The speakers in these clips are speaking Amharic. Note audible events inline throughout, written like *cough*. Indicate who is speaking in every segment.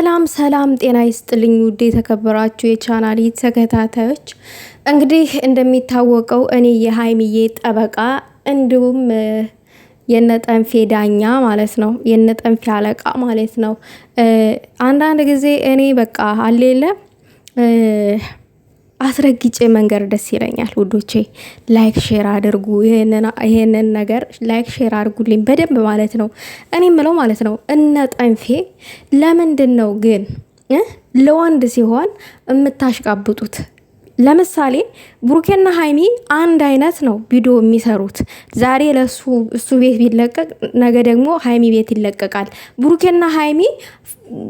Speaker 1: ሰላም ሰላም፣ ጤና ይስጥልኝ ውድ የተከበራችሁ የቻናል ተከታታዮች፣ እንግዲህ እንደሚታወቀው እኔ የሀይሚዬ ጠበቃ እንዲሁም የነጠንፌ ዳኛ ማለት ነው፣ የነጠንፌ አለቃ ማለት ነው። አንዳንድ ጊዜ እኔ በቃ አሌለ አስረግጬ መንገር ደስ ይለኛል ውዶቼ። ላይክ ሼር አድርጉ፣ ይሄንን ነገር ላይክ ሼር አድርጉልኝ በደንብ ማለት ነው። እኔ ምለው ማለት ነው እነ ጠንፌ ለምንድን ነው ግን ለወንድ ሲሆን የምታሽቃብጡት? ለምሳሌ ብሩኬና ሀይሚ አንድ አይነት ነው ቪዲዮ የሚሰሩት። ዛሬ ለሱ እሱ ቤት ቢለቀቅ ነገ ደግሞ ሀይሚ ቤት ይለቀቃል። ብሩኬና ሀይሚ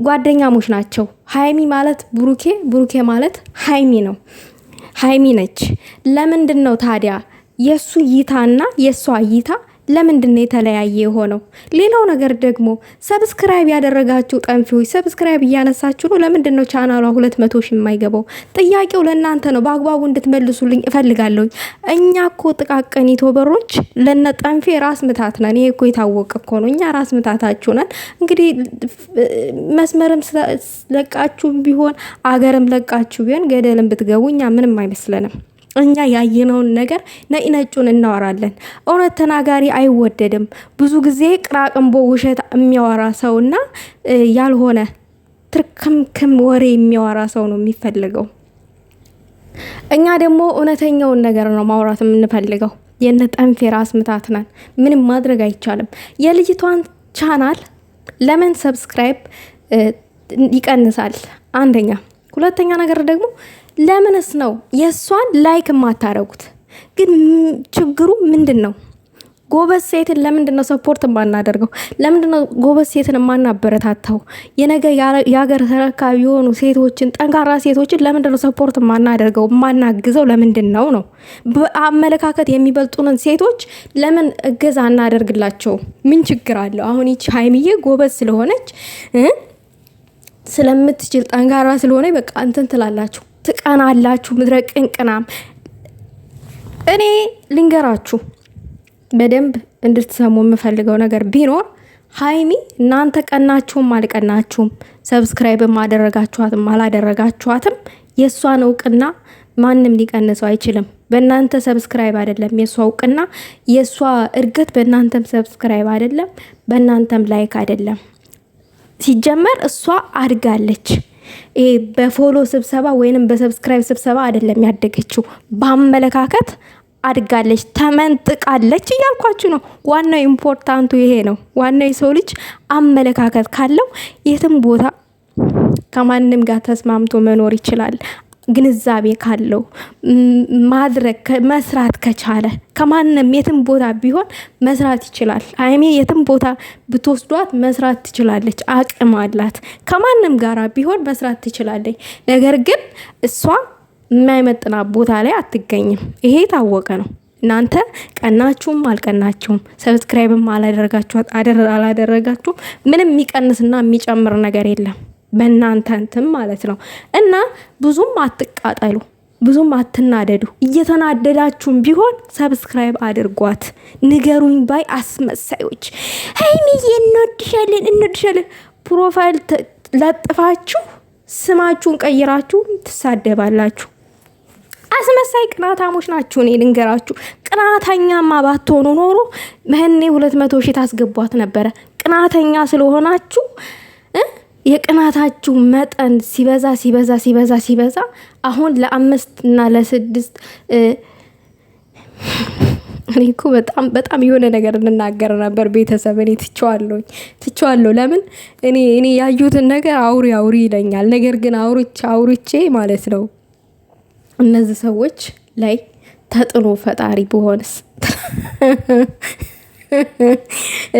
Speaker 1: ጓደኛሞች ናቸው። ሀይሚ ማለት ብሩኬ፣ ብሩኬ ማለት ሀይሚ ነው፣ ሀይሚ ነች። ለምንድን ነው ታዲያ የእሱ እይታና የእሷ እይታ ለምንድን ነው የተለያየ የሆነው? ሌላው ነገር ደግሞ ሰብስክራይብ ያደረጋችሁ ጠንፊዎች ሰብስክራይብ እያነሳችሁ ነው። ለምንድን ነው ቻናሏ ሁለት መቶ ሺ የማይገባው? ጥያቄው ለእናንተ ነው። በአግባቡ እንድትመልሱልኝ እፈልጋለሁኝ። እኛ እኮ ጥቃቅን ዩቱበሮች ለነ ጠንፌ ራስ ምታት ነን። ይሄ እኮ የታወቀ እኮ ነው። እኛ ራስ ምታታችሁ ነን። እንግዲህ መስመርም ለቃችሁ ቢሆን አገርም ለቃችሁ ቢሆን ገደልም ብትገቡ እኛ ምንም አይመስለንም። እኛ ያየነውን ነገር ነጭ ነጩን እናወራለን። እውነት ተናጋሪ አይወደድም። ብዙ ጊዜ ቅራቅንቦ ውሸት የሚያወራ ሰውና ያልሆነ ትርክምክም ወሬ የሚያወራ ሰው ነው የሚፈልገው። እኛ ደግሞ እውነተኛውን ነገር ነው ማውራት የምንፈልገው። የነ ጠንፌ ራስ ምታት ነን። ምንም ማድረግ አይቻልም። የልጅቷን ቻናል ለምን ሰብስክራይብ ይቀንሳል? አንደኛ። ሁለተኛ ነገር ደግሞ ለምንስ ነው የእሷን ላይክ የማታረጉት? ግን ችግሩ ምንድን ነው? ጎበዝ ሴትን ለምንድን ነው ሰፖርት የማናደርገው? ለምንድን ነው ጎበዝ ሴትን የማናበረታታው? የነገ የሀገር ተረካቢ የሆኑ ሴቶችን ጠንካራ ሴቶችን ለምንድን ነው ሰፖርት የማናደርገው የማናግዘው? ለምንድን ነው ነው በአመለካከት የሚበልጡንን ሴቶች ለምን እገዛ እናደርግላቸው? ምን ችግር አለው? አሁን ይቺ ሀይሚዬ ጎበዝ ስለሆነች ስለምትችል ጠንካራ ስለሆነ በቃ እንትን ትላላችሁ። ትቀናላችሁ። ምድረ ቅንቅናም እኔ ልንገራችሁ በደንብ እንድትሰሙ የምፈልገው ነገር ቢኖር ሀይሚ እናንተ ቀናችሁም አልቀናችሁም ሰብስክራይብም አደረጋችኋትም አላደረጋችኋትም የእሷን እውቅና ማንም ሊቀንሰው አይችልም። በእናንተ ሰብስክራይብ አይደለም የእሷ እውቅና፣ የእሷ እድገት በእናንተም ሰብስክራይብ አይደለም፣ በእናንተም ላይክ አይደለም። ሲጀመር እሷ አድጋለች። ይሄ በፎሎ ስብሰባ ወይንም በሰብስክራይብ ስብሰባ አይደለም ያደገችው፣ በአመለካከት አድጋለች፣ ተመንጥቃለች እያልኳችሁ ነው። ዋናው ኢምፖርታንቱ ይሄ ነው። ዋናው የሰው ልጅ አመለካከት ካለው የትም ቦታ ከማንም ጋር ተስማምቶ መኖር ይችላል። ግንዛቤ ካለው ማድረግ መስራት ከቻለ ከማንም የትም ቦታ ቢሆን መስራት ይችላል። አይሜ የትም ቦታ ብትወስዷት መስራት ትችላለች። አቅም አላት። ከማንም ጋራ ቢሆን መስራት ትችላለች። ነገር ግን እሷ የማይመጥና ቦታ ላይ አትገኝም። ይሄ የታወቀ ነው። እናንተ ቀናችሁም አልቀናችሁም ሰብስክራይብም አላደረጋችሁም ምንም የሚቀንስና የሚጨምር ነገር የለም። በእናንተ እንትን ማለት ነው እና ብዙም አትቃጠሉ፣ ብዙም አትናደዱ። እየተናደዳችሁም ቢሆን ሰብስክራይብ አድርጓት። ንገሩኝ ባይ አስመሳዮች፣ ሀይሚዬ እንወድሻለን እንወድሻለን ፕሮፋይል ለጥፋችሁ ስማችሁን ቀይራችሁ ትሳደባላችሁ። አስመሳይ ቅናታሞች ናችሁ። እኔ ልንገራችሁ፣ ቅናተኛማ ባትሆኑ ኖሮ መህኔ ሁለት መቶ ሺህ ታስገቧት ነበረ። ቅናተኛ ስለሆናችሁ የቅናታችሁ መጠን ሲበዛ ሲበዛ ሲበዛ ሲበዛ አሁን ለአምስት እና ለስድስት እኔ እኮ በጣም በጣም የሆነ ነገር እንናገር ነበር። ቤተሰብ እኔ ትቼዋለሁኝ ለምን እኔ እኔ ያዩትን ነገር አውሪ አውሪ ይለኛል። ነገር ግን አውርቼ አውርቼ ማለት ነው እነዚህ ሰዎች ላይ ተጥኖ ፈጣሪ ብሆንስ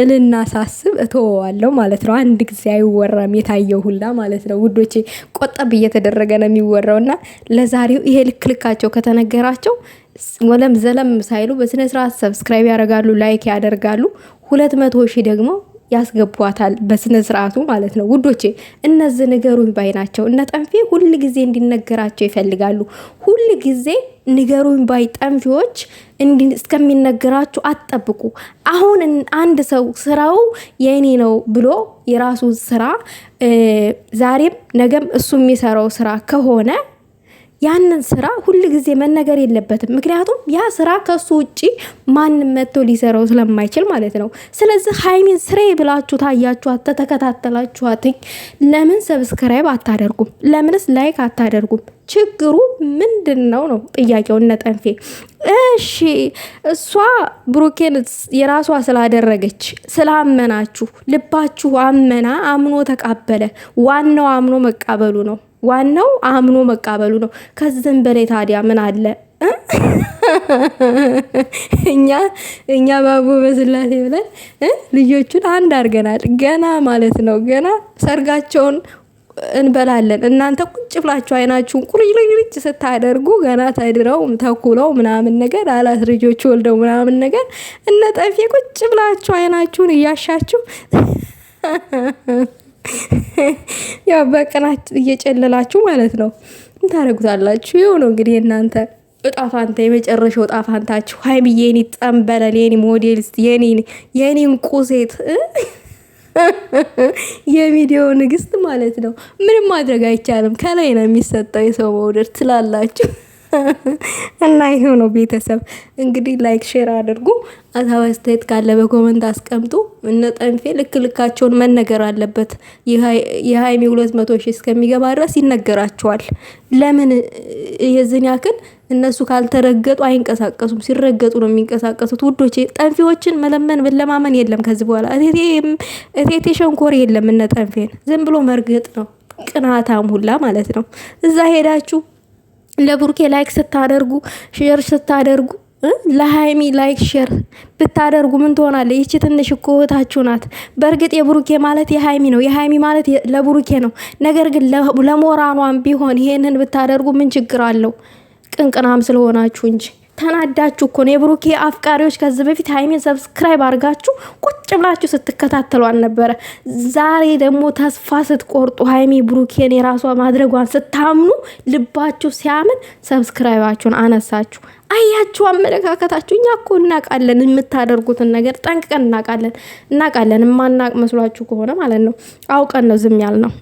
Speaker 1: እልና *laughs* ሳስብ እተወዋለሁ ማለት ነው። አንድ ጊዜ አይወራም የታየው ሁላ ማለት ነው ውዶቼ። ቆጠብ እየተደረገ ነው የሚወራው እና ለዛሬው ይሄ ልክ ልካቸው ከተነገራቸው ወለም ዘለም ሳይሉ በስነ ስርዓት ሰብስክራይብ ያደርጋሉ፣ ላይክ ያደርጋሉ። ሁለት መቶ ሺህ ደግሞ ያስገቧታል በስነ ስርዓቱ ማለት ነው ውዶቼ። እነዚህ ነገሩን ባይ ናቸው። እነ ጠንፌ ሁል ጊዜ እንዲነገራቸው ይፈልጋሉ ሁል ጊዜ ንገሩኝ ባይ ጠንፊዎች እስከሚነገራችሁ አትጠብቁ። አሁን አንድ ሰው ስራው የእኔ ነው ብሎ የራሱ ስራ ዛሬም ነገም እሱ የሚሰራው ስራ ከሆነ ያንን ስራ ሁል ጊዜ መነገር የለበትም። ምክንያቱም ያ ስራ ከሱ ውጭ ማንም መጥቶ ሊሰራው ስለማይችል ማለት ነው። ስለዚህ ሀይሚን ስሬ ብላችሁ ታያችኋት፣ ተተከታተላችኋት። ለምን ሰብስክራይብ አታደርጉም? ለምንስ ላይክ አታደርጉም? ችግሩ ምንድን ነው ነው ጥያቄው። እነ ጠንፌ እሺ፣ እሷ ብሩኬን የራሷ ስላደረገች ስላመናችሁ ልባችሁ አመና አምኖ ተቃበለ። ዋናው አምኖ መቃበሉ ነው። ዋናው አምኖ መቃበሉ ነው። ከዚህም በላይ ታዲያ ምን አለ? እኛ እኛ ባቡ በስላሴ ብለን ልጆቹን አንድ አድርገናል። ገና ማለት ነው ገና ሰርጋቸውን እንበላለን። እናንተ ቁጭ ብላችሁ አይናችሁን ቁርጭ ስታደርጉ ገና ተድረው ተኩለው ምናምን ነገር አላት ልጆች ወልደው ምናምን ነገር እነ ጠፊ ቁጭ ብላችሁ አይናችሁን እያሻችሁ *laughs* ያው በቀናት እየጨለላችሁ ማለት ነው እንታደረጉታላችሁ። ይኸው ነው እንግዲህ እናንተ እጣ ፋንታ የመጨረሻው እጣ ፋንታችሁ ሀይሚ የኔ ጠንበለል፣ የኔ ሞዴሊስት፣ የኔ እንቁ ሴት *laughs* የሚዲያው ንግስት ማለት ነው። ምንም ማድረግ አይቻልም። ከላይ ነው የሚሰጠው የሰው መውደድ ትላላችሁ። እና ይሄው ነው ቤተሰብ እንግዲህ ላይክ ሼር አድርጉ። አሳብ አስተያየት ካለ በኮመንት አስቀምጡ። እነ ጠንፌ ልክ ልካቸውን መነገር አለበት። የሀይሚ ሁለት መቶ ሺህ እስከሚገባ ድረስ ይነገራቸዋል። ለምን የዝን ያክል እነሱ ካልተረገጡ አይንቀሳቀሱም። ሲረገጡ ነው የሚንቀሳቀሱት። ውዶቼ ጠንፌዎችን መለመን ለማመን የለም ከዚህ በኋላ እቴቴ ሸንኮር የለም። እነ ጠንፌን ዝም ብሎ መርገጥ ነው። ቅናታም ሁላ ማለት ነው እዛ ሄዳችሁ ለቡርኬ ላይክ ስታደርጉ ሼር ስታደርጉ ለሃይሚ ላይክ ሼር ብታደርጉ ምን ትሆናለ? ይቺ ትንሽ እኮ እህታችሁ ናት። በእርግጥ የቡሩኬ ማለት የሃይሚ ነው፣ የሃይሚ ማለት ለቡሩኬ ነው። ነገር ግን ለሞራኗም ቢሆን ይሄንን ብታደርጉ ምን ችግር አለው? ቅንቅናም ስለሆናችሁ እንጂ ተናዳችሁ እኮ ነው። የብሩኬ አፍቃሪዎች ከዚህ በፊት ሀይሜን ሰብስክራይብ አድርጋችሁ ቁጭ ብላችሁ ስትከታተሉ አልነበረ? ዛሬ ደግሞ ተስፋ ስትቆርጡ ሀይሜ ብሩኬን የራሷ ማድረጓን ስታምኑ ልባችሁ ሲያምን ሰብስክራይባችሁን አነሳችሁ። አያችሁ አመለካከታችሁ። እኛ እኮ እናቃለን፣ የምታደርጉትን ነገር ጠንቅቀን እናቃለን። እናቃለን፣ የማናቅ መስሏችሁ ከሆነ ማለት ነው። አውቀን ነው ዝም ያልነው።